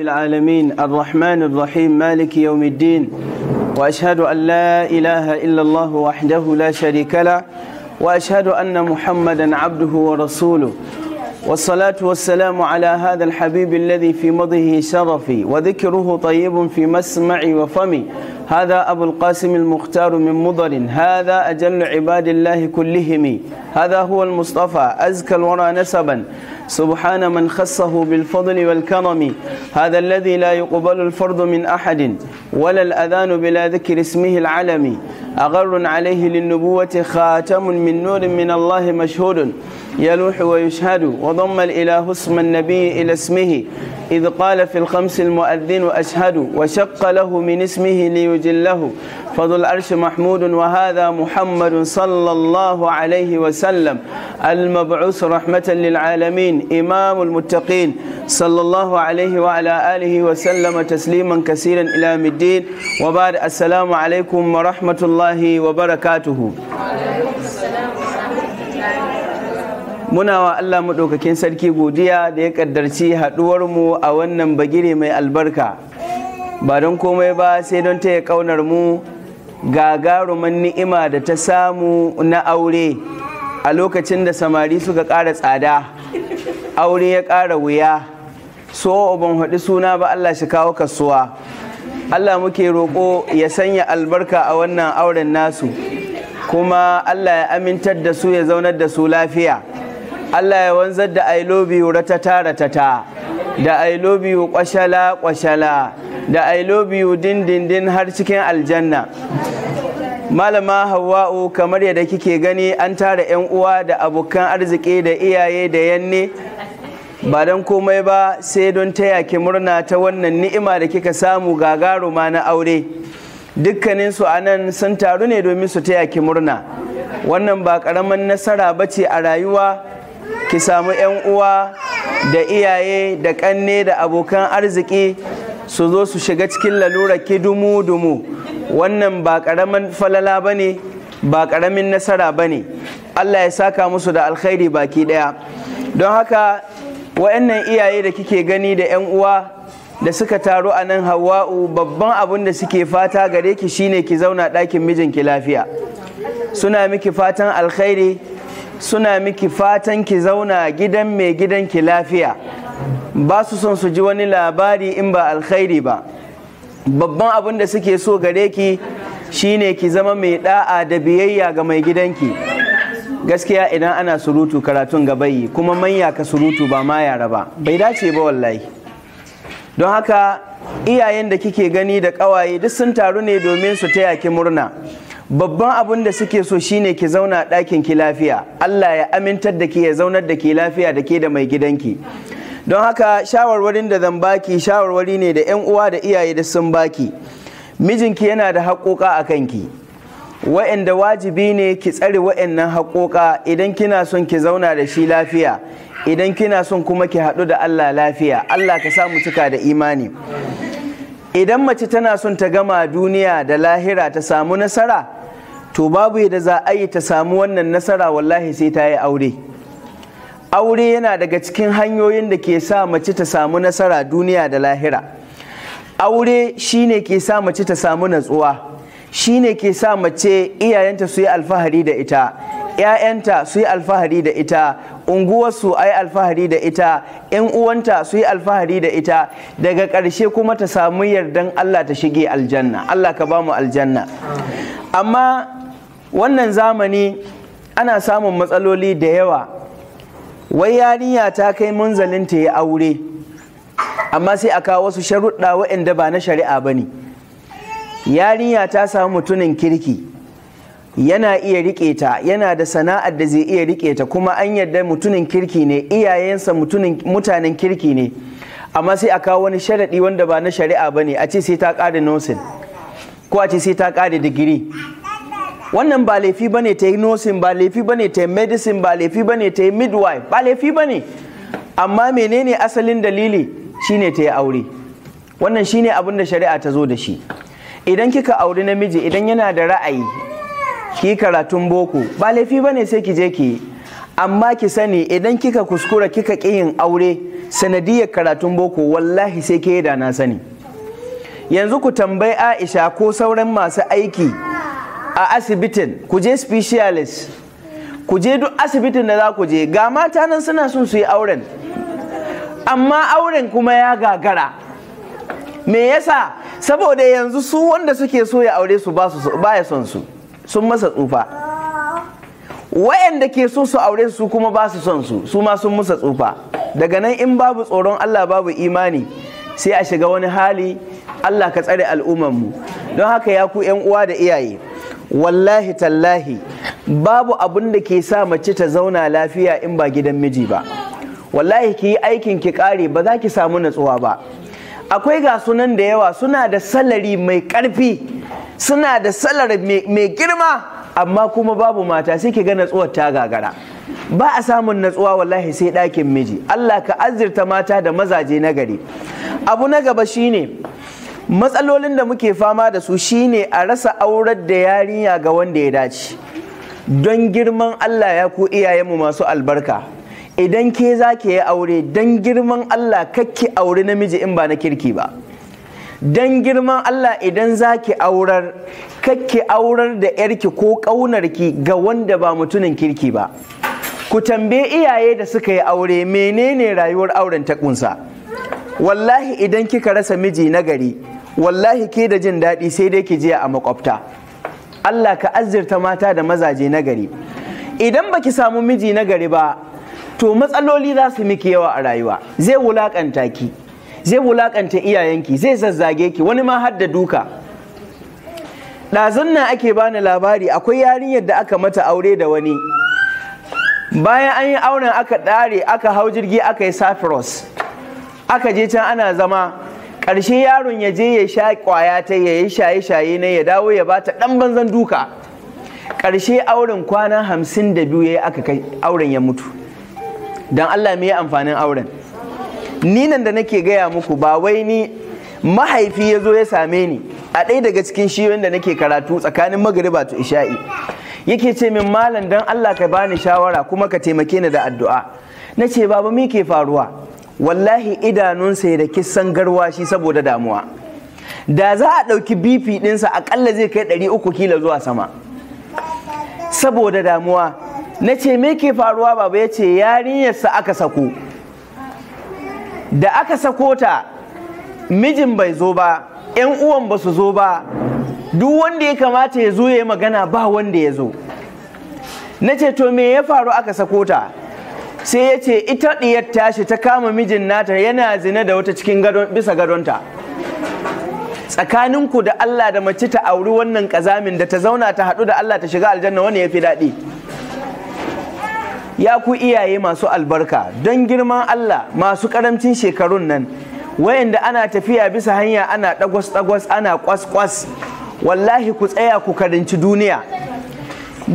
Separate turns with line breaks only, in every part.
العالمين الرحمن الرحيم مالك يوم الدين وأشهد أن لا إله إلا الله وحده لا شريك له وأشهد أن محمدا عبده ورسوله والصلاة والسلام على هذا الحبيب الذي في مضه شرفي وذكره طيب في مسمعي وفمي هذا أبو القاسم المختار من مضر هذا أجل عباد الله كلهم هذا هو المصطفى أزكى الورى نسبا سبحان من خصه بالفضل والكرم هذا الذي لا يقبل الفرض من أحد ولا الأذان بلا ذكر اسمه العلم أغر عليه للنبوة خاتم من نور من الله مشهود يلوح ويشهد وضم الإله اسم النبي إلى اسمه إذ قال في الخمس المؤذن أشهد وشق له من اسمه ليجله فذو العرش محمود وهذا محمد صلى الله عليه وسلم المبعوث رحمة للعالمين إمام المتقين صلى الله عليه وعلى آله وسلم تسليما كثيرا إلى مدين وبعد السلام عليكم ورحمة الله الله وبركاته barakatuhu muna wa Allah maɗaukakin sarki godiya da ya ƙaddarci haɗuwar mu a wannan bagire mai albarka ba don komai ba sai don taya ƙaunar mu gagaruman ni'ima da ta samu na aure a lokacin da samari suka ƙara tsada aure ya ƙara wuya so ban haɗi suna ba Allah shi kawo kasuwa Allah muke roƙo ya sanya albarka a wannan auren nasu kuma Allah ya amintar da su ya zaunar da su lafiya Allah ya wanzar da I love you ratata ratata da I love you kwashala kwashala da I love dindindin har cikin aljanna malama hawa'u kamar yadda kike gani an tara 'yan uwa da abokan arziki da iyaye da yanne ba don komai ba sai don taya ki murna ta wannan ni'ima da kika samu gagaruma na aure dukkaninsu a nan sun taru ne domin su taya ki murna wannan ba ƙaramin nasara ba ce a rayuwa ki samu 'yan uwa da iyaye da kanne da abokan arziki su zo su shiga cikin lalura ki dumu-dumu wannan ba ƙaramin falala ba ne ba ƙaramin nasara ba ne allah ya saka musu da alkhairi baki ɗaya don haka wa'annan iyaye da kike gani da 'yan uwa da suka taru a nan hawa'u babban abin da suke fata gare ki shine ki zauna ɗakin mijinki lafiya suna miki fatan alkhairi suna miki fatan ki zauna gidan mai gidan ki lafiya ba su son su ji wani labari in ba alkhairi ba babban abin da suke so gare ki shine ki zama mai da'a da biyayya ga mai gidanki gaskiya idan ana surutu karatun gabayi kuma manya ka surutu ba ma yara ba bai dace ba wallahi don haka iyayen da kike gani da ƙawaye duk sun taru ne domin su taya ki murna babban abin da suke so shine ki zauna ɗakin ki lafiya Allah ya amintar da ki ya zaunar da ke lafiya da ke da mai gidanki don haka shawarwarin da zan baki shawarwari ne da 'yan uwa da iyaye da sun baki mijinki yana da haƙoƙa a kanki wa'inda wajibi ne ki tsare wa'innan haƙoƙa idan kina son ki zauna da shi lafiya idan kina son kuma ki haɗu da Allah lafiya Allah ka samu cika da imani idan mace tana son ta gama duniya da lahira ta samu nasara to babu yadda za a yi ta samu wannan nasara wallahi sai ta yi aure aure yana daga cikin hanyoyin da ke sa mace ta samu nasara duniya da lahira aure shine ke sa mace ta samu natsuwa Shi ne ke sa mace iyayenta su yi alfahari da ita ‘ya'yanta su yi alfahari da ita unguwarsu a yi alfahari da ita ‘yan uwanta su yi alfahari da ita daga ƙarshe kuma ta samu yardan Allah ta shige aljanna Allah ka ba mu aljanna amma wannan zamani ana samun matsaloli da yawa wai yarinya ta kai munzalin ta yi aure amma sai a kawo wasu sharuɗa waɗanda ba na shari'a ba ne yarinya ta samu mutumin kirki yana iya rike ta yana da sana'ar da zai iya rike ta kuma an yarda mutumin kirki ne iyayensa mutanen kirki ne amma sai a kawo wani sharaɗi wanda ba na shari'a ba ne a ce sai ta ƙare nosin ko a ce sai ta ƙare digiri wannan ba laifi ba ne ta yi nosin ba laifi ba ne ta yi medicine ba laifi ba ne ta yi midwife ba laifi ba ne amma menene asalin dalili shine ta yi aure wannan shine abin da shari'a ta zo da shi idan kika auri namiji idan yana da ra'ayi ki karatun boko ba laifi ba ne sai ki je ki amma ki sani idan kika kuskura kika ki yin aure sanadiyar karatun boko wallahi sai ke da na sani yanzu ku tambayi aisha ko sauran masu aiki a asibitin ku je specialist ku je duk asibitin da za ku je ga mata nan suna son su yi auren amma auren kuma ya gagara me yasa saboda yanzu su wanda suke so ya aure su ba su baya son su sun masa tsufa wayanda ke so su aure su kuma ba su son su su ma sun musa tsufa daga nan in babu tsoron Allah babu imani sai a shiga wani hali Allah ka tsare al'umman mu don haka ya ku yan uwa da iyaye wallahi tallahi babu abun da ke sa mace ta zauna lafiya in ba gidan miji ba wallahi ki yi aikin ki kare ba za ki samu natsuwa ba akwai ga sunan da yawa suna da salari mai karfi suna da salari mai girma amma kuma babu mata sai ki ga natsuwar ta gagara ba a samun natsuwa wallahi sai ɗakin miji Allah ka azirta mata da mazaje na gari abu na gaba shine matsalolin da muke fama da su shine a rasa aurar da yarinya ga wanda ya dace don girman Allah ya ku iyayenmu masu albarka idan ke za ke yi aure don girman Allah kakki aure namiji in ba na kirki ba Don girman Allah idan za ki aurar kakki aurar da yarki ko ƙaunarki ga wanda ba mutumin kirki ba ku tambe iyaye da suka yi aure menene rayuwar auren ta kunsa wallahi idan kika rasa miji nagari wallahi ke da jin daɗi sai dai ki jiya a makwabta Allah ka azirta mata da mazaje nagari idan baki samu miji nagari ba to matsaloli za su miki yawa a rayuwa zai wulakanta ki zai wulakanta iyayenki zai zazzage ki wani ma har da duka ɗazun nan ake bani labari akwai yarinyar da aka mata aure da wani bayan an yi auren aka ɗare aka hau jirgi aka yi safiros aka je can ana zama ƙarshe yaron ya je ya sha ƙwaya ta ya yi shaye-shaye na ya dawo ya bata ɗan banzan duka ƙarshe auren kwana hamsin da biyu ya yi aka kai auren ya mutu dan Allah me amfanin auren ni nan da nake gaya muku ba wai ni mahaifi ya zo ya same ni a ɗaya daga cikin shi da nake karatu tsakanin magariba to isha'i yake ce min malam dan Allah ka bani shawara kuma ka taimake ni da addu'a na ce baba me ke faruwa wallahi idanunsa ya da kissan garwashi saboda damuwa da za a ɗauki bp ɗinsa aƙalla zai kai ɗari uku kila zuwa sama saboda damuwa na ce me ke faruwa baba ya ce yarinyarsa aka sako da aka sako ta mijin bai zo ba 'yan uwan ba su zo ba duk wanda ya kamata ya zo ya yi magana ba wanda ya zo na ce to me ya faru aka sako ta sai ya ce ita ɗiyar tashi ta kama mijin nata yana zina da wata cikin bisa gadonta tsakaninku da Allah da mace ta auri wannan ƙazamin da ta zauna ta haɗu da Allah ta shiga aljanna wani ya fi daɗi ya ku iyaye masu albarka don girman Allah masu karamcin shekarun nan wayanda ana tafiya bisa hanya ana dagwas-dagwas ana kwas-kwas wallahi ku tsaya ku karanci duniya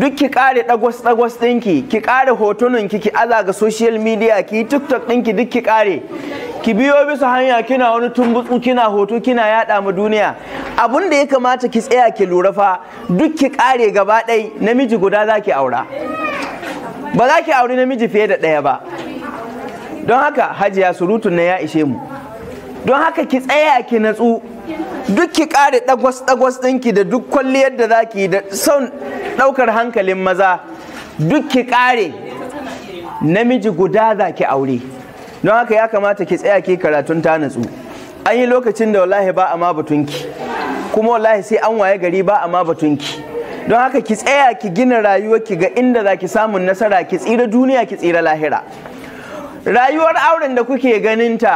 duk ki kare dagwas-dagwas dinki ki kare hotunanki ki aza ga social media ki tiktok dinki duk ki kare ki biyo bisa hanya kina wani tumbutsu kina hoto kina yada ma duniya abun da ya kamata ki tsaya ki lura fa duk ki kare gaba namiji guda zaki aura ba za ki auri namiji fiye da ɗaya ba don haka hajiya surutun na ya ishe mu don haka ki tsaya ki natsu duk ki kare ɗagwas ɗagwas ɗinki da duk kwalliyar da za ki da son ɗaukar hankalin maza duk ki ƙare namiji guda za ki aure don haka ya kamata ki tsaya ki karatun ta natsu an yi lokacin da wallahi ba a ma batunki kuma wallahi sai an waye gari ba a ma batunki don haka ki tsaya ki gina rayuwa ki ga inda za ki samun nasara ki tsira duniya ki tsira lahira rayuwar auren da kuke ganinta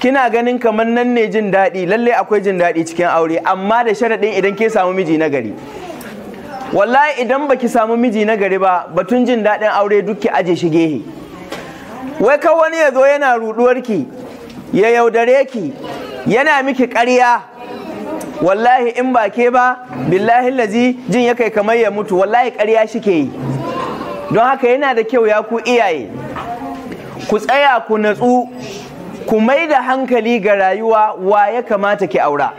kina ganin kamar nan ne jin daɗi lallai akwai jin daɗi cikin aure amma da sharaɗin idan ke samu miji na gari wallahi idan baki samu miji na gari ba batun jin daɗin aure duk ki aje shi gehe wai ka wani ya zo yana ruɗuwarki ya yaudare ki yana miki ƙarya wallahi in ba ke ba billahi lazi jin ya kai kamar ya mutu wallahi ƙarya shi ke yi don haka yana da kyau ya ku iyaye ku tsaya ku natsu ku mai da hankali ga rayuwa wa ya kamata ki aura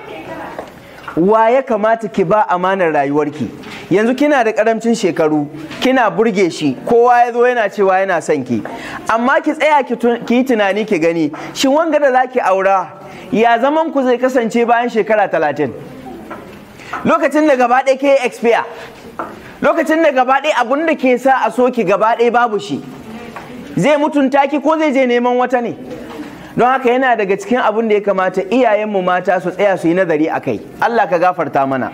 wa ya kamata ki ba amanar rayuwarki yanzu kina da karamcin shekaru kina burge shi kowa ya zo yana cewa yana son ki amma ki tsaya ki yi tunani ki gani shin wanga da zaki aura ya zaman ku zai kasance bayan shekara talatin lokacin da gaba ɗaya ke expire lokacin da gaba ɗaya abun da ke sa a so ki gaba ɗaya babu shi zai mutunta ki ko zai je neman wata ne don haka yana daga cikin abun da ya kamata iyayenmu mata su tsaya su yi nazari a kai allah ka gafarta mana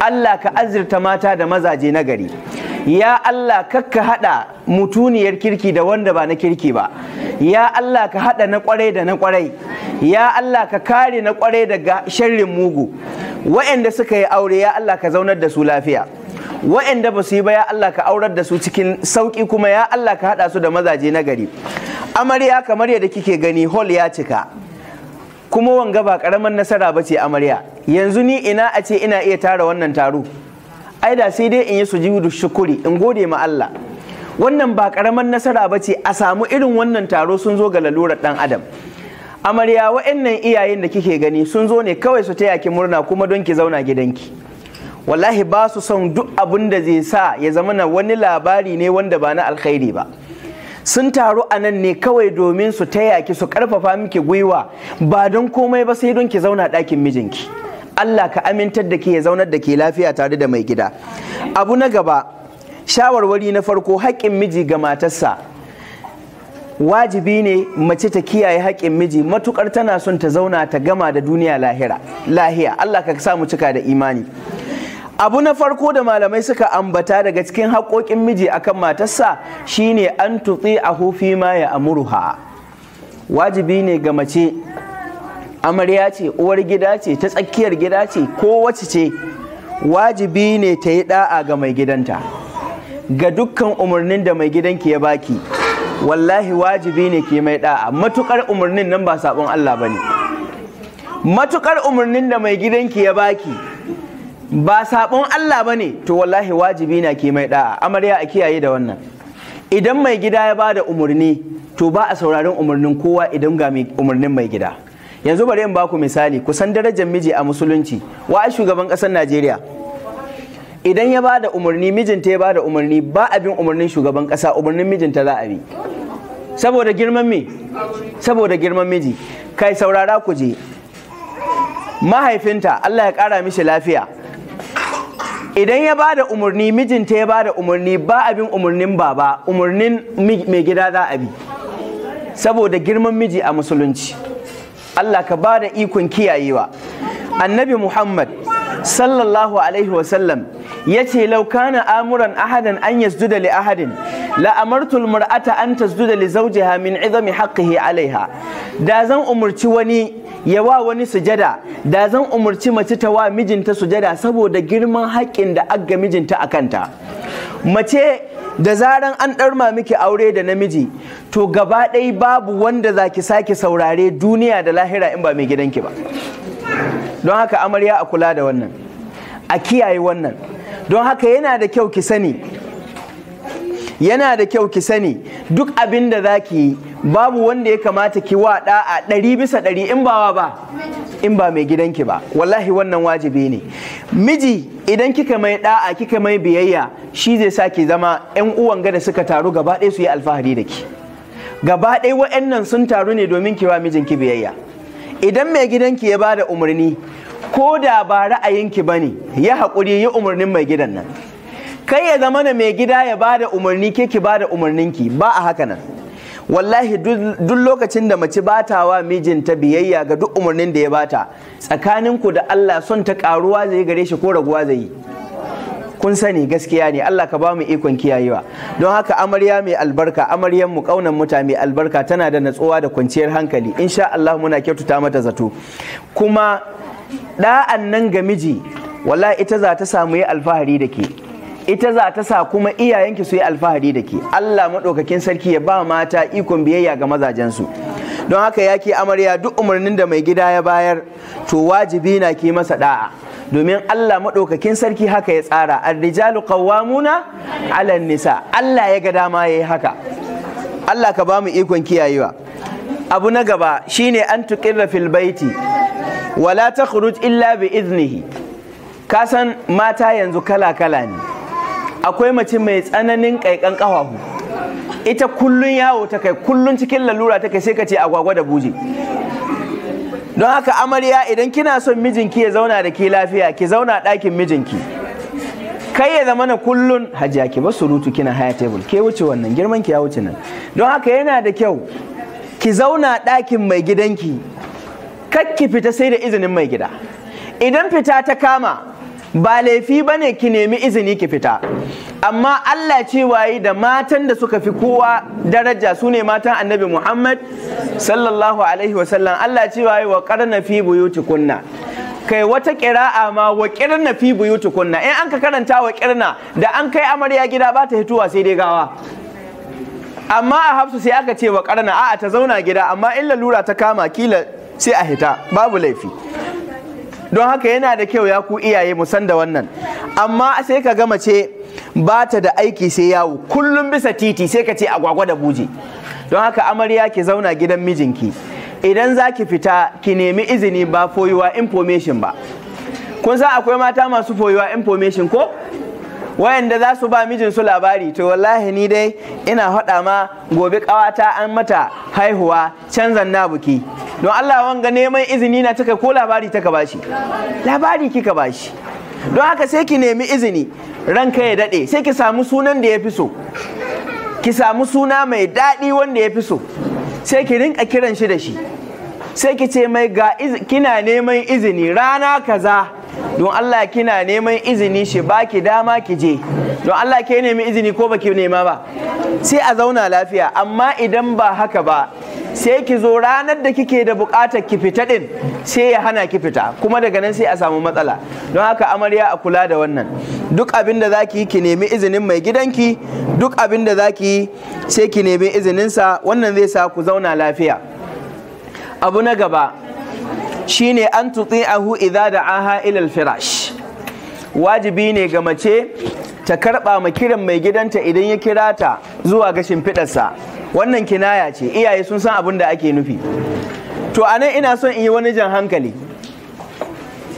Allah ka azirta mata da mazaje na gari ya Allah kakka hada mutuniyar kirki da wanda ba na kirki ba ya Allah ka hada na kwarai da na kwarai ya Allah ka kare na kwarai daga sharrin mugu wa'anda suka yi aure ya Allah ka zaunar da su lafiya wa'anda ba su yi ba ya Allah ka aurar da su cikin sauki kuma ya Allah ka hada su da mazaje na gari amarya kamar yadda kike gani hol ya cika kuma wanga ba karaman nasara ba ce amarya yanzu ni ina a ce ina iya tara wannan taro ai da sai dai in yi sujudu shukuri in gode ma Allah wannan ba karaman nasara ba ce a samu irin wannan taro sun zo ga lalurar dan adam amarya wa'annan iyayen da kike gani sun zo ne kawai su taya ki murna kuma don ki zauna gidanki wallahi ba su son duk abin da zai sa ya zama na wani labari ne wanda ba na alkhairi ba sun taru a nan ne kawai domin su taya ki su karfafa miki gwiwa ba don komai ba sai don ki zauna ɗakin mijinki Allah ka amintar da ke ya zaunar da ke lafiya tare da mai gida abu na gaba shawarwari na farko haƙƙin miji ga matarsa wajibi ne mace ta kiyaye haƙƙin miji matukar tana son ta zauna ta gama da duniya lahira lahiya Allah ka samu cika da imani abu na farko da malamai suka ambata daga cikin haƙoƙin miji akan matarsa shine an tutsi a hufi ma ya amuruha wajibi ne ga mace amarya ce uwar gida ce ta tsakiyar gida ce ko wacce ce wajibi ne ta yi da'a ga mai gidanta ga dukkan umarnin da mai gidanki ya baki wallahi wajibi ne ke mai da'a matukar umarnin nan ba sabon Allah ba ne matukar umarnin da mai gidanki ya baki ba sabon Allah ba ne to wallahi wajibi na ke mai da'a amarya a kiyaye da wannan idan mai gida ya ba da umarni to ba a sauraron umarnin kowa idan ga umarnin mai gida yanzu bari in baku misali kusan darajar miji a musulunci wa shugaban ƙasar najeriya idan ya bada umarni mijinta ya bada umarni ba abin umarnin shugaban ƙasa umarnin mijinta za a bi saboda girman mi saboda girman miji kai saurara ku je mahaifinta Allah ya ƙara mishi lafiya idan ya bada umarni mijinta ya bada umarni ba abin umarnin baba umarnin mai gida za a bi saboda girman miji a musulunci Allah ka ba da ikon kiyayewa annabi Muhammad sallallahu alaihi wasallam ya ce laukana amuran ahadan an zuda li ahadin la'amartul mar'ata an zuda li zawjiha min izami haqqihi alaiha da zan umarci wani ya wa wani sujada da zan umarci mace ta wa mijinta sujada saboda girman haƙƙin da aga mijinta a kanta mace da zaran an ɗarma miki aure da namiji to gaba ɗaya babu wanda za ki sake saurare duniya da lahira in ba mai gidanki ba don haka amarya a kula da wannan a kiyaye wannan don haka yana da kyau ki sani yana da kyau ki sani duk abin da za ki yi babu wanda ya kamata ki wa da'a ɗari bisa ɗari in ba ba in ba mai gidanki ba wallahi wannan wajibi ne miji idan kika mai da'a kika mai biyayya shi zai sa ki zama 'yan uwan gada suka taru gaba ɗaya su yi alfahari da ki gaba ɗaya wa'annan sun taru ne domin ki wa mijinki biyayya idan mai gidanki ya bada umarni ko da ba ra'ayinki ba ne ya haƙuri yi umarnin mai gidan nan kai ya zama na mai gida ya ba da umarni ke ki ba da umarninki ba a haka nan wallahi duk lokacin da mace bata wa mijinta biyayya ga duk umarnin da ya bata tsakaninku da Allah son ta ƙaruwa zai gare shi ko raguwa zai yi kun sani gaskiya ne Allah ka ba mu ikon kiyayewa don haka amarya mai albarka amaryar mu kaunan muta mai albarka tana da natsuwa da kwanciyar hankali insha Allah muna kyautata mata zato kuma da'an nan ga miji wala ita za ta samu yi alfahari da ke ita za ta sa kuma iyayenki su yi alfahari da ke Allah maɗaukakin sarki ya ba mata ikon biyayya ga mazajensu don haka ya ke amarya duk umarnin da mai gida ya bayar to wajibi na ke masa ɗa'a. domin Allah maɗaukakin sarki haka ya tsara rijalu qawwamuna ala nisa Allah ya ga dama yayi haka Allah ka ba mu ikon kiyayewa abu na gaba shine an tuqirra fil baiti wala ta illa bi iznihi ka mata yanzu kala-kala ne akwai mace mai tsananin kaikan ƙafafu ita kullun yawo ta kai kullun cikin lalura ta kai sai ka ce agwagwa da buje don haka amarya idan kina son mijinki ya zauna da ke lafiya ki zauna ɗakin mijinki kai ya zama na kullun hajiya ki ba surutu kina haya tebul ke wuce wannan girman ki ya wuce nan don haka yana da kyau ki zauna ɗakin mai gidanki kakki fita sai da izinin mai gida idan fita ta kama ba laifi ba ne ki nemi izini ki fita amma Allah cewa yi da matan da suka fi kowa daraja su ne matan annabi Muhammad sallallahu alaihi wasallam Allah ce yi wa karna fi kunna kai wata kira'a ma wa kirna fi kunna in an ka karanta wa kirna da an kai amarya gida ba ta hituwa sai dai gawa amma a hafsu sai aka ce wa karna a'a ta zauna gida amma in lalura ta kama kila sai a hita babu laifi don haka yana da kyau ya ku iyaye mu san da wannan amma sai ka gama ce ba ta da aiki sai yawo kullum bisa titi sai ka ce agwagwa da buje don haka amarya ki zauna gidan mijinki idan za ki fita ki nemi izini ba foyuwa information ba kun san akwai mata masu foyuwa information ko wayanda za su ba mijinsu labari to wallahi ni dai ina haɗa ma gobe ƙawata an mata haihuwa canzan na buki don Allah wanga neman izini na taka ko labari taka shi. labari kika ba shi? don haka sai ki nemi izini ranka ya daɗe sai ki samu sunan da ya fi so ki samu suna mai daɗi wanda ya fi so sai ki rinka kiran shi da shi sai ki ce mai ga kina neman izini rana kaza don Allah kina neman izini shi Ba ki dama ki je don Allah ke nemi izini ko ba ki nema ba sai a zauna lafiya amma idan ba haka ba sai ki zo ranar da kike da bukatar ki fita din sai ya hana ki fita kuma daga nan sai a samu matsala don haka amarya a kula da wannan duk abin da zaki ki nemi izinin mai gidanki duk abin da zaki sai ki nemi izinin sa. wannan zai sa ku zauna lafiya abu na gaba shine an tutsi ahu idza da'aha ila ilal firash wajibi ne ga mace ta karba ma kiran mai gidanta idan ya kira ta zuwa ga shimfidarsa wannan kinaya ce iyaye sun san abin da ake nufi to anan ina son in yi wani jan hankali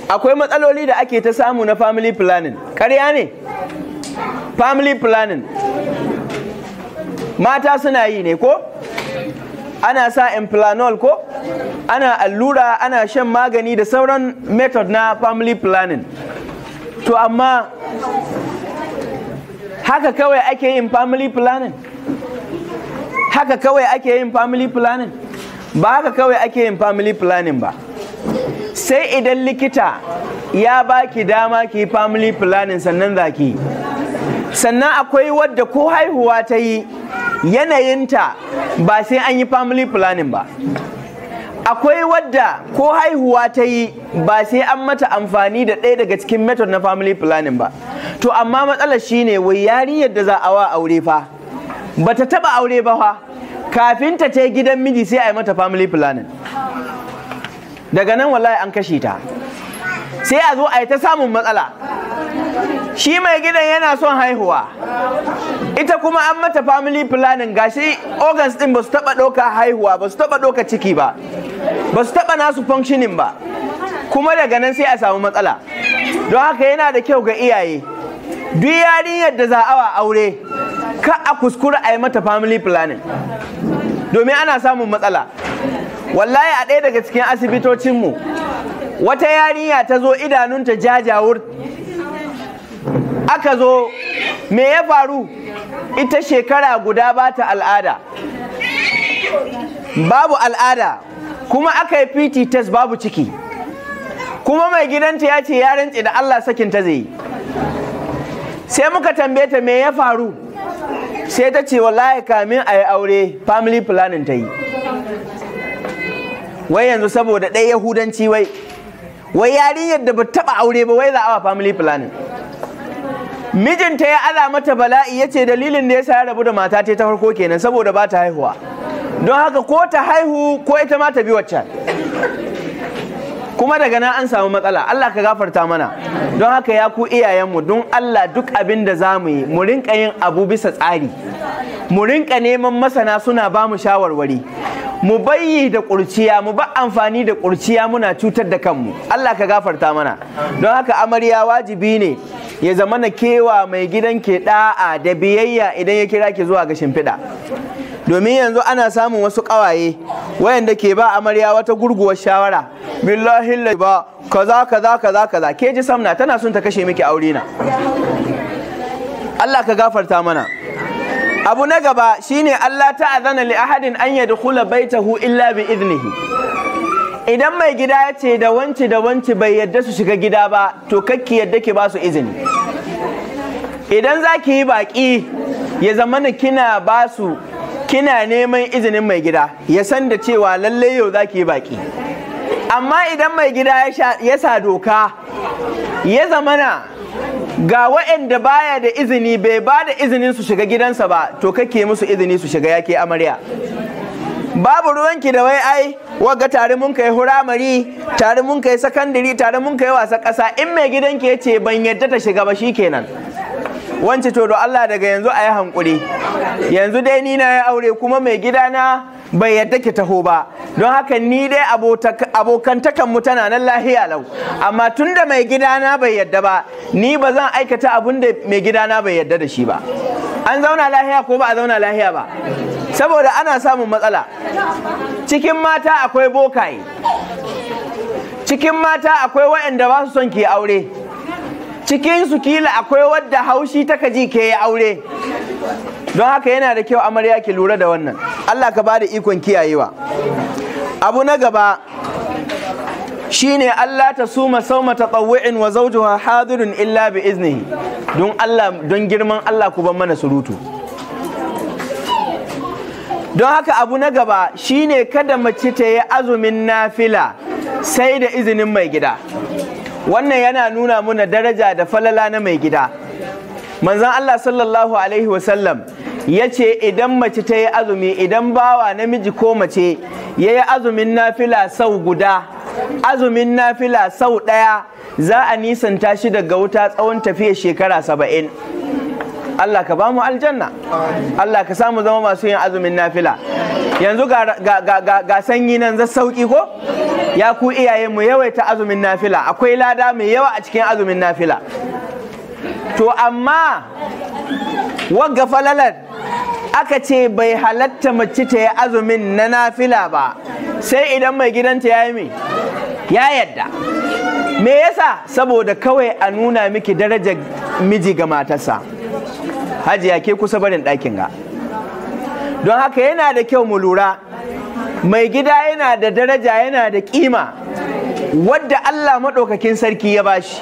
akwai matsaloli da ake ta samu na family planning ƙarya ne family planning mata suna yi ne ko ana sa implanol ko ana allura ana shan magani da sauran method na family planning to amma haka kawai ake yin family planning haka kawai ake yin family planning ba haka kawai ake yin family planning ba sai idan likita ya baki dama ki family planning sannan za ki sannan akwai wadda ko haihuwa ta yi yanayinta ba sai an yi family planning ba akwai wadda ko haihuwa ta yi ba sai an mata amfani da ɗaya daga cikin method na family planning ba to amma matsalar shine wai yarinyar da za a wa aure fa Ba ta taɓa aure ba fa kafin ta ta gidan miji sai a yi mata family planning daga nan wallahi an kashe ta sai a zo a yi ta samun matsala shi mai gidan yana son haihuwa ita kuma an mata family planning gashi organs din ba su taba doka haihuwa ba su taba doka ciki ba ba su taba nasu functioning ba kuma daga nan sai a samu matsala don haka yana da kyau ga iyaye duk yarinyar da wa aure ka a kuskura a yi mata family planning domin ana samun matsala wallahi a ɗaya daga cikin asibitocinmu wata yarinya ta zo idanunta jajawur aka zo me ya faru ita shekara guda ba ta al'ada babu al'ada kuma aka yi fiti test babu ciki kuma mai gidanta ya ce ya rantse da Allah sakin ta zai sai muka tambaye ta me ya faru sai ta ce wallahi kamin a yi aure family planning ta yi wai yanzu saboda ɗaya yahudanci wai wai yarinyar da ba taɓa aure ba wai za a family planning mijinta ya ala mata bala'i ya ce dalilin da ya sa ya rabu da mata ta farko kenan saboda ba ta haihuwa don haka ko ta haihu ko ita ma ta bi waccan kuma daga nan an samu matsala Allah ka gafarta mana don haka ya ku iyayenmu don Allah duk abin da za mu yi mu rinka yin abu bisa tsari mu rinka neman masana suna ba mu shawarwari mu bayyi da kurciya mu ba amfani da ƙurciya muna cutar da kanmu Allah ka gafarta mana don haka amarya wajibi ne ya zama na kewa mai gidan ke da'a da biyayya idan ya kira ki zuwa ga shimfiɗa domin yanzu ana samun wasu ƙawaye wayanda ke ba amarya wata gurguwar shawara billahi ba kaza kaza kaza kaza ke ji samna tana son ta kashe miki aure na Allah ka gafarta mana abu na gaba shine Allah azana li ahadin an yadkhula baitahu illa bi iznihi idan mai gida ya ce da wanci da wanci bai yadda su shiga gida ba to kakki yadda ki ba su izini idan za ki yi baƙi ya zamana kina ba su kina neman izinin mai gida ya san da cewa lallai yau za ki yi baƙi amma idan mai gida ya sa doka ya zamana ga waɗanda baya da izini bai ba da izinin su shiga gidansa ba to kake musu izini su shiga yake amarya babu ruwanki da wai ai wagga tare mun kai huramari tare mun kai sakandiri tare mun kai wasa ƙasa in mai gidanki ya ce ban yadda ta shiga ba shi kenan. wance to do Allah daga yanzu a yi hankuri yanzu dai ni na ya aure kuma mai gidana bai yadda ki taho ba don haka ni dai abokantakan mu tana nan lahiya lau amma tun da mai gidana bai yadda ba ni ba zan aikata abin da mai gidana bai yadda da shi ba an zauna lahiya ko ba a zauna lahiya ba saboda ana samun matsala cikin mata akwai bokaye cikin mata akwai waɗanda ba su son ki aure cikin su kila akwai wadda haushi taka ji ke aure don haka yana da kyau amarya ki lura da wannan Allah ka bada ikon kiyayewa abu na gaba shine Allah ta suma sauma taqawwu'in wa zawjuha hadirun illa bi iznihi don girman Allah ku ban mana surutu don haka abu na gaba shine kada mace ta yi azumin nafila sai da izinin mai gida wannan yana nuna muna daraja da falala na mai gida manzon Allah sallallahu alaihi wasallam ya ce idan mace ta yi azumi idan bawa namiji ko mace ya yi azumin nafila sau guda azumin nafila sau ɗaya za a nisanta shi daga wuta tsawon tafiya shekara saba'in Allah ka ba mu aljanna Allah ka samu zama masu yin azumin nafila yanzu ga, sanyi nan za sauki ko ya ku iyaye mu yawaita azumin nafila akwai lada mai yawa a cikin azumin nafila to amma wagga falalar aka ce bai halatta mace ta yi azumin na nafila ba sai idan mai gidanta ya yi ya yadda me yasa saboda kawai a nuna miki darajar miji ga matarsa hajiya ke kusa barin ɗakin ga don haka yana da kyau mu lura mai gida yana da daraja yana da kima wadda Allah maɗaukakin sarki ya bashi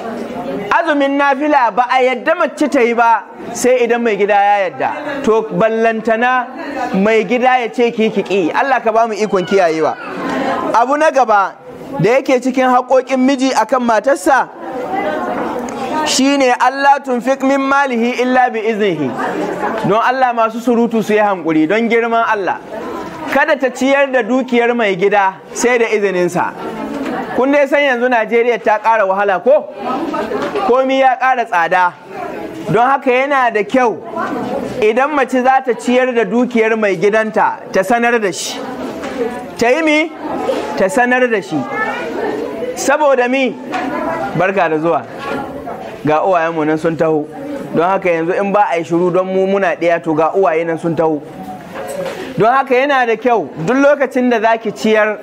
azumin nafila ba a yadda mace ta yi ba sai idan mai gida ya yadda to ballantana mai gida ya ce ki ki Allah ka ba mu ikon kiyayewa abu na gaba da yake cikin haƙoƙin miji akan matarsa shine Allah tunfik min malihi illa bi iznihi don Allah masu surutu su yi hankuri don girman Allah kada ta ciyar da dukiyar mai gida sai da izininsa kun dai san yanzu najeriya ta ƙara wahala ko komi ya ƙara tsada don haka yana da kyau idan mace za ta ciyar da dukiyar mai gidanta ta sanar da shi ta yi mi ta sanar da shi saboda mi barka da zuwa ga uwayenmu nan sun taho don haka yanzu in ba a yi shiru don mu muna ɗaya to ga uwaye nan sun taho don haka yana da kyau duk lokacin da za ki ciyar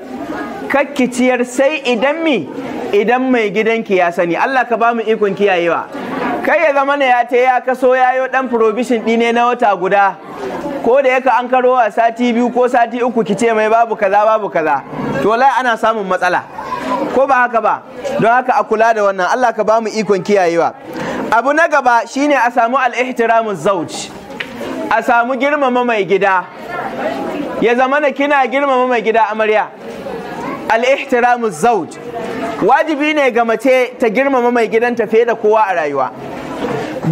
kakki ciyar sai idan mi idan mai gidanki ya sani Allah ka ba mu ikon kiyayewa kai ya zama na ya ta ya kaso ya yi dan provision ɗine na wata guda ko da yaka an karo a sati biyu ko sati uku ki ce mai babu kaza babu kaza to lai ana samun matsala ko ba haka ba don haka a kula da wannan Allah ka ba mu ikon kiyayewa abu na gaba shine a samu al-ihtiramuz zawj a samu girmama mai gida ya zama na kina girmama mai gida amarya al-ihtiramu zaud wajibi ne ga mace ta girmama mai gidanta fiye da kowa a rayuwa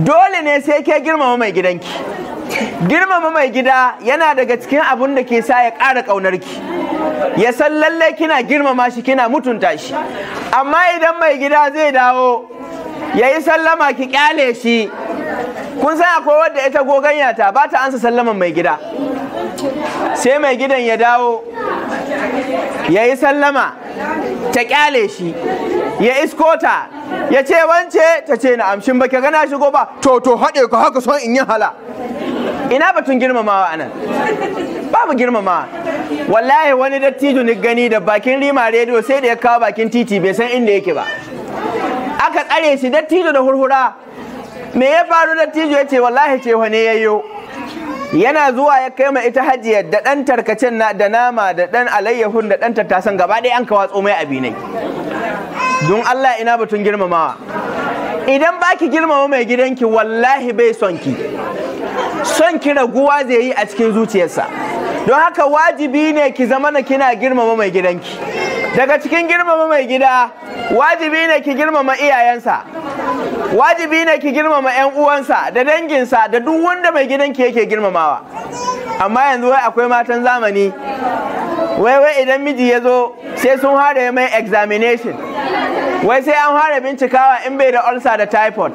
dole ne sai ke girmama mai gidanki girmama mai gida yana daga cikin abun da ke sa ya ƙara ƙaunarki ya san lalle kina girmama shi kina mutunta shi amma idan mai gida zai dawo ya yi sallama ki ƙyale shi kun san akwai wadda ita goganya ta ba ta ansa sallaman mai gida sai mai gidan ya dawo ya yi sallama ta kyale shi ya isko ta ya ce wance ta ce na amshin ba gana shi ba to to haɗe ka haka son in yi hala ina batun girmamawa anan babu girmamawa wallahi wani dattijo ni gani da bakin rima rediyo sai da ya kawo bakin titi bai san inda yake ba aka tsare shi dattijo da hurhura me ya faru da tijo ya ce wallahi ce ne ya yo yana zuwa ya kai ma ita Hajiya da ɗan tarkacen da nama da ɗan alayyahun da ɗan tattasan gaba ɗaya an kawatso mai abinai don Allah ina batun girmamawa idan ba ki girmama mai gidanki wallahi bai son ki son ki raguwa zai yi a cikin zuciyarsa don haka wajibi ne ki zama na kina girmama mai gidanki daga cikin girmama mai gida wajibi ne ki girmama iyayensa wajibi ne ki girmama 'yan uwansa da danginsa da duk wanda mai gidan ki yake girmamawa amma yanzu wai akwai matan zamani wai wai idan miji ya zo sai sun hada mai examination wai sai an hada bincikawa in bai da ulcer da typhoid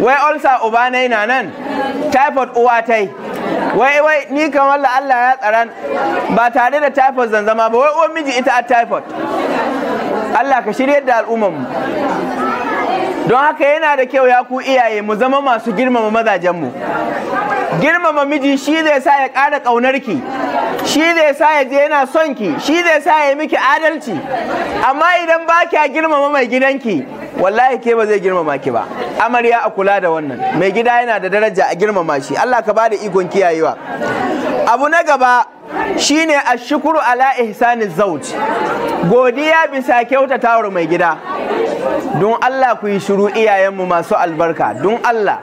wai ulcer uba na yana nan typhoid uwa tai. yi wai wai ni kamar Allah ya tsaran ba tare da typhoid zanzama ba wai uwan miji ita a typhoid Allah ka shirya da al'ummar mu don haka yana da kyau ya ku iyaye mu zama masu girmama mazajenmu girmama miji shi zai sa ya ƙara ƙaunarki shi zai sa ya je yana son ki shi zai sa ya miki adalci amma idan ba kya girmama mai gidanki wallahi ke ba zai girmama ki ba amarya a kula da wannan mai gida yana da daraja a girmama shi Allah ka bada ikon kiyayewa abu na gaba shine ashkuru ala ihsani zauj godiya bisa kyautatawar mai gida don Allah ku yi shiru iyayenmu masu albarka don Allah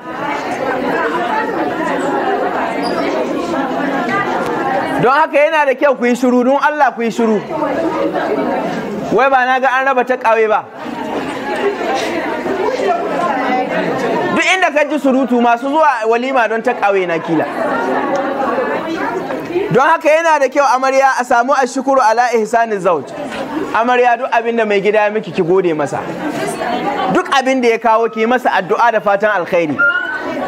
don haka yana da kyau ku yi shiru don Allah ku yi shiru wai ba na ga an raba ta kawe ba duk inda ka ji surutu masu zuwa walima don ta kawe na kila don haka yana da kyau amarya a samu a shukuru ala ihsanin zauj amarya duk abin da mai gida ya miki ki gode masa duk abin da ya kawo ki masa addu'a da fatan alkhairi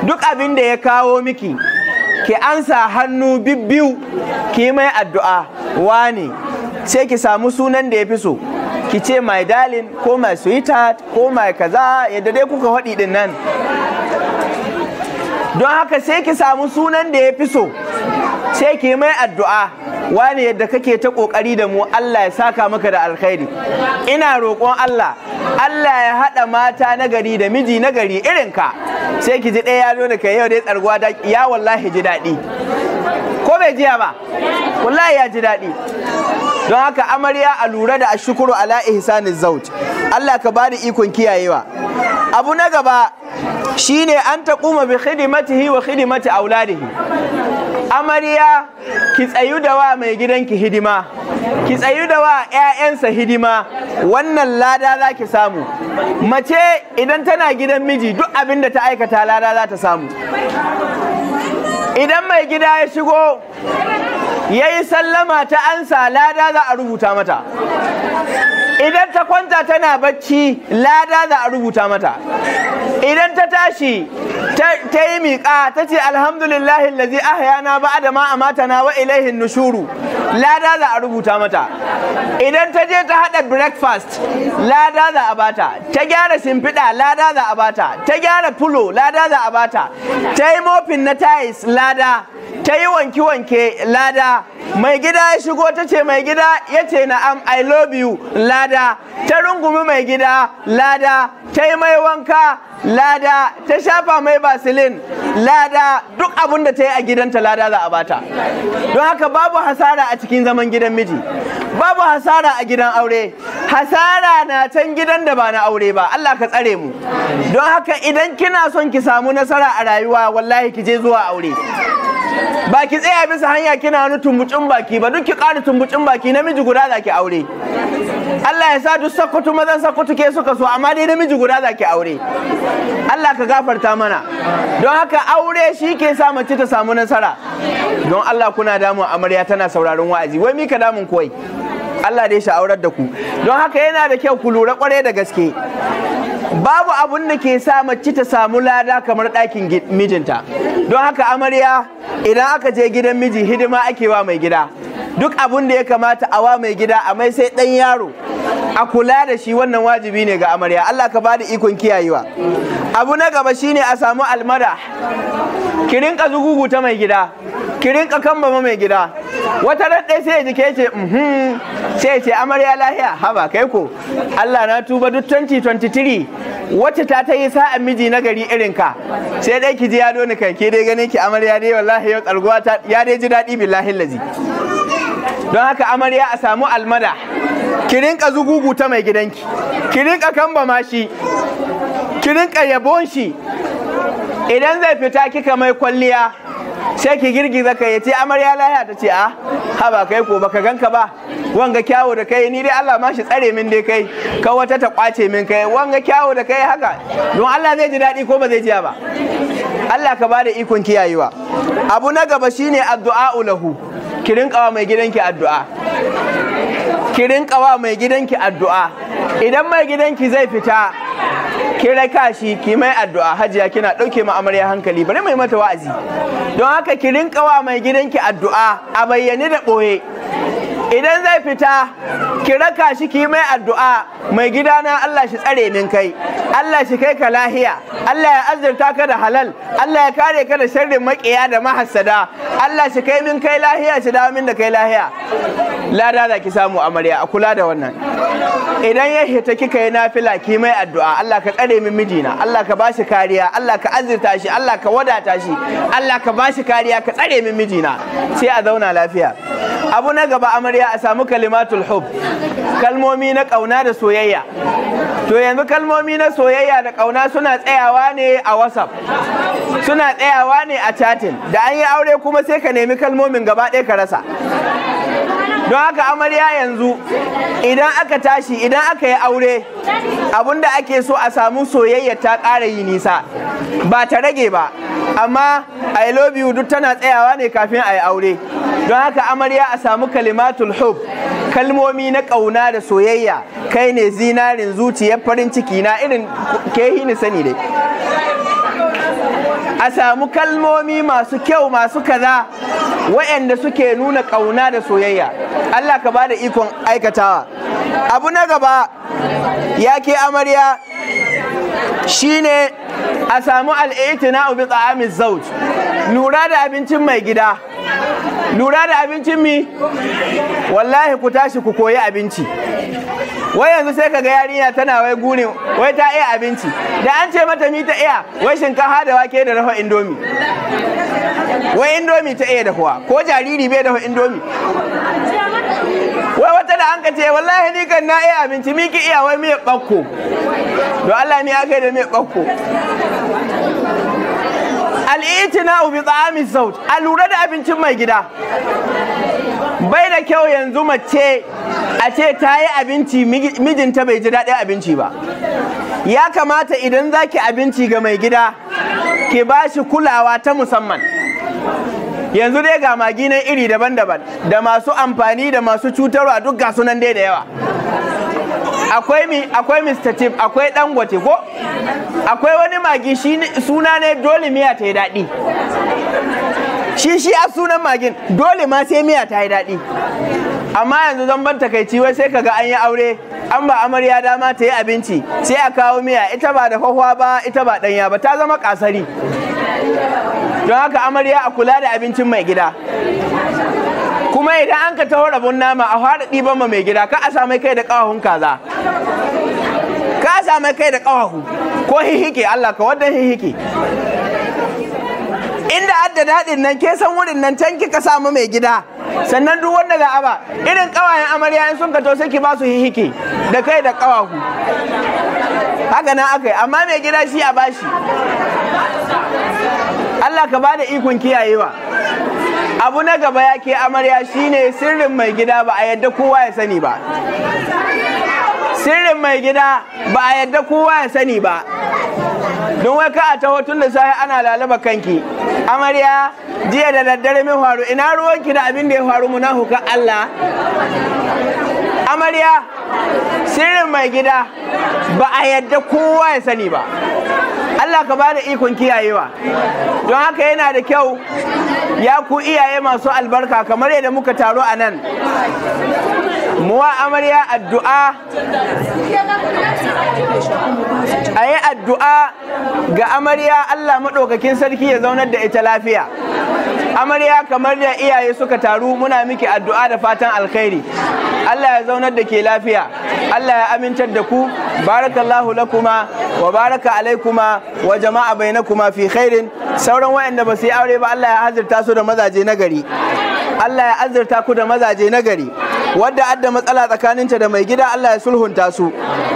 duk abin da ya kawo miki ki ansa hannu bibbiu ki mai addu'a wane sai ki samu sunan da ya fi so ki ce my darling ko my sweetheart ko my kaza yadda dai kuka faɗi din nan don haka sai ki samu sunan da ya fi so sai ki mai addu'a wani yadda kake ta kokari da mu Allah ya saka maka da alkhairi ina roƙon Allah Allah ya haɗa mata na gari da miji na gari irinka sai ki ji ɗaya ya zo da kai yau dai tsarguwa da ya wallahi ji daɗi ko bai jiya ba wallahi ya ji daɗi don haka amarya a lura da ashukuru ala ihsanin zauj Allah ka da ikon kiyayewa abu na gaba Shi ne an taquma bi khidmatihi wa khidmati auladihi amarya ki tsayu da wa mai gidanki hidima ki tsayu da wa 'ya'yansa hidima wannan lada za ki samu mace idan tana gidan miji duk abin da ta aikata lada za ta samu idan mai gida ya shigo ya yi sallama ta ansa lada za a rubuta mata idan ta kwanta tana bacci lada za a rubuta mata idan ta tashi ta yi miƙa ta ce alhamdulillahi lazi ahyana ba da ma na wa ilaihin nushuru lada za a rubuta mata idan ta je ta haɗa breakfast lada za a bata ta gyara simfiɗa lada za a bata ta gyara pulo, lada za a bata ta yi mofin na tiles lada ta yi wanke-wanke lada mai gida ya shigo ta ce mai gida ya ce na'am i love you lada ta rungumi mai gida lada ta yi mai wanka lada ta shafa mai basilin lada duk abin da ta yi a gidanta lada za a bata don haka babu hasara a cikin zaman gidan miji babu hasara a gidan aure hasara na can gidan da ba na aure ba Allah ka tsare mu don haka idan kina son ki samu nasara a rayuwa wallahi ki je zuwa aure ba ki tsaya bisa hanya kina wani tumbucin baki ba duk ki ƙara tumbucin baki namiji guda za ki aure Allah ya sa duk sakkwato mazan sakkwato ke suka so amma dai namiji guda za ki aure Allah ka gafarta mana don haka aure shi ke sa mace ta samu nasara don Allah kuna damu amarya tana sauraron wa'azi wai mika damun kuwai. Allah dai aurar da ku don haka yana da kyau ku lura kwarai da gaske babu abun da ke sa mace ta samu lada kamar ɗakin mijinta don haka amarya idan aka je gidan miji hidima ake wa mai gida duk abun da ya kamata a wa mai gida a mai sai ɗan yaro a kula da shi wannan wajibi ne ga amarya Allah ka bada ikon kiyayewa abu na gaba shine a samu almada ki rinka zugugu ta mai gida ki rinka ba mai gida wata ran ɗaya sai jike ce mhm sai ce amarya lahiya haba kai ko Allah na tuba duk 2023 wacce ta ta yi sa'an miji na gari irin ka sai dai ki ji ya doni kai ke dai ganin ki amarya dai wallahi yau tsarguwa ta ya dai ji daɗi billahi lazi don haka amarya a samu almada ki rinka zugugu ta mai gidanki ki rinka kamba mashi ki rinka yabon shi idan zai fita kika mai kwalliya sai ki girgiza ka ya ce amarya lahiya ta ce a ah, ha ba kai ko baka ganka ba wanga kyawu da kai ni dai Allah ma shi tsare min dai kai ka wata ta kwace min kai wanga kyawu da kai haka don Allah zai ji daɗi ko ba zai jiya ba Allah ka bada ikon kiyayewa abu na gaba shine addu'a lahu ki rinkawa mai gidanki addu'a ki rinkawa mai gidanki addu'a idan mai gidanki zai fita ki raka shi ki mai addu'a hajiya kina ɗauke ma amarya hankali bari mai mata wa'azi don haka ki rinka wa mai gidanki addu'a a bayyane da ɓoye idan zai fita ki raka shi ki mai addu'a mai gidana Allah shi tsare min kai Allah shi kai ka lahiya Allah ya azurta ka da halal Allah ya kare ka da sharrin makiya da mahassada Allah shi kai min kai lahiya shi dawo min da kai lahiya lada za ki samu amarya a kula da wannan idan ya hita kika yi nafila ki mai addu'a Allah ka tsare min mijina Allah ka bashi kariya Allah ka azurta shi Allah ka wadata shi Allah ka bashi kariya ka tsare min mijina sai a zauna lafiya abu na gaba amarya a samu kalimatul hub kalmomi na kauna da soyayya to yanzu kalmomi na soyayya da kauna suna tsayawa ne a whatsapp suna tsayawa ne a chatting da an yi aure kuma sai ka nemi kalmomin gaba ɗaya ka rasa don haka amarya yanzu idan aka tashi idan aka yi aure abinda ake so a samu soyayya ta ƙara yi nisa ba ta rage ba amma i love you duk tana tsayawa ne kafin a yi aure don haka amarya a samu kalimatul hub kalmomi na ƙauna da soyayya kai ne zinarin zuciyar farin ciki na irin ke ni sani dai a samu kalmomi masu kyau masu kaza waɗanda suke nuna ƙauna da soyayya Allah ka bada ikon aikatawa abu na gaba ya ke amarya shine a samu na bi ta'amin zauj lura da abincin mai gida lura da abincin mi wallahi ku tashi ku koyi abinci wai yanzu sai kaga yarinya tana wai gurin wai ta iya abinci da an ce mata mi ta iya wai shinkafa da wake da dafa indomi wai indomi ta iya dahuwa ko jariri bai dafa indomi wai wata da an ka ce wallahi ni kan na iya abinci ki iya wai miyar bakko don Allah ni aka yi da miyar bakko al'itina ubi tsami saut a lura da abincin mai gida bai da kyau yanzu mace a ce ta yi abinci mijinta bai ji daɗin abinci ba ya kamata idan za ki abinci ga mai gida ki ba shi kulawa ta musamman yanzu dai ga magi na iri daban-daban da masu amfani da masu cutarwa duk ga sunan dai da yawa akwai mi akwai Mr. Tip akwai Dangote ko akwai wani magi shi suna ne dole miya ta yi daɗi shi shi a sunan magin dole ma sai miya ta yi daɗi amma yanzu zan ban takaici wai sai kaga an yi aure an ba amarya dama ta yi abinci sai a kawo miya ita ba da kwakwa ba ita ba ɗanya ba ta zama kasari don haka amarya a kula da abincin mai gida kuma idan an ka taho rabon nama a fara ɗiban ma mai gida ka a samai kai da ƙawahun kaza ka a samai kai da ƙawahu ko hihike Allah ka wadda hihike inda adda daɗin nan ke san wurin nan can kika samu mai gida sannan duk wanda za a ba irin ƙawayen amarya in sun kato sai ki ba su hihike da kai da ƙawahu haka nan aka yi amma mai gida shi a bashi Allah ka ba da ikon kiyayewa abu na gaba ya ke amarya shine sirrin mai gida ba a yadda kowa ya sani ba sirrin mai gida ba a yadda kowa ya sani ba don wai ka a taho tun da sai ana lalaba kanki amarya jiya da daddare min faru ina ruwanki da abin da ya faru hukar Allah amarya sirrin mai gida ba a yadda kowa ya sani ba Allah ka bada ikon kiyayewa don haka yana da kyau ya ku iyaye masu albarka kamar yadda muka taro a nan muwa amarya addu'a a yi addu'a ga amarya Allah maɗaukakin sarki ya zaunar da ita lafiya amarya kamar da iyaye suka taru muna miki addu'a da fatan alkhairi Allah ya zaunar da ke lafiya Allah ya amintar da ku barakallahu lakuma wa baraka alaikuma wa jama'a bainakuma fi khairin sauran wayanda ba su yi aure ba Allah ya hazirta su da mazaje nagari Allah ya azurta ku da mazaje nagari wadda adda matsala tsakaninta da mai gida Allah ya sulhunta su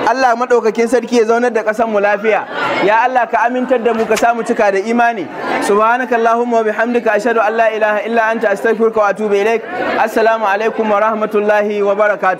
Allah madaukakin sarki ya zaunar da kasan mu lafiya ya Allah ka amintar da mu ka samu cika da imani subhanakallahumma wa bihamdika ashhadu an la ilaha illa anta astaghfiruka wa atubu ilaik assalamu alaikum wa rahmatullahi wa barakatuh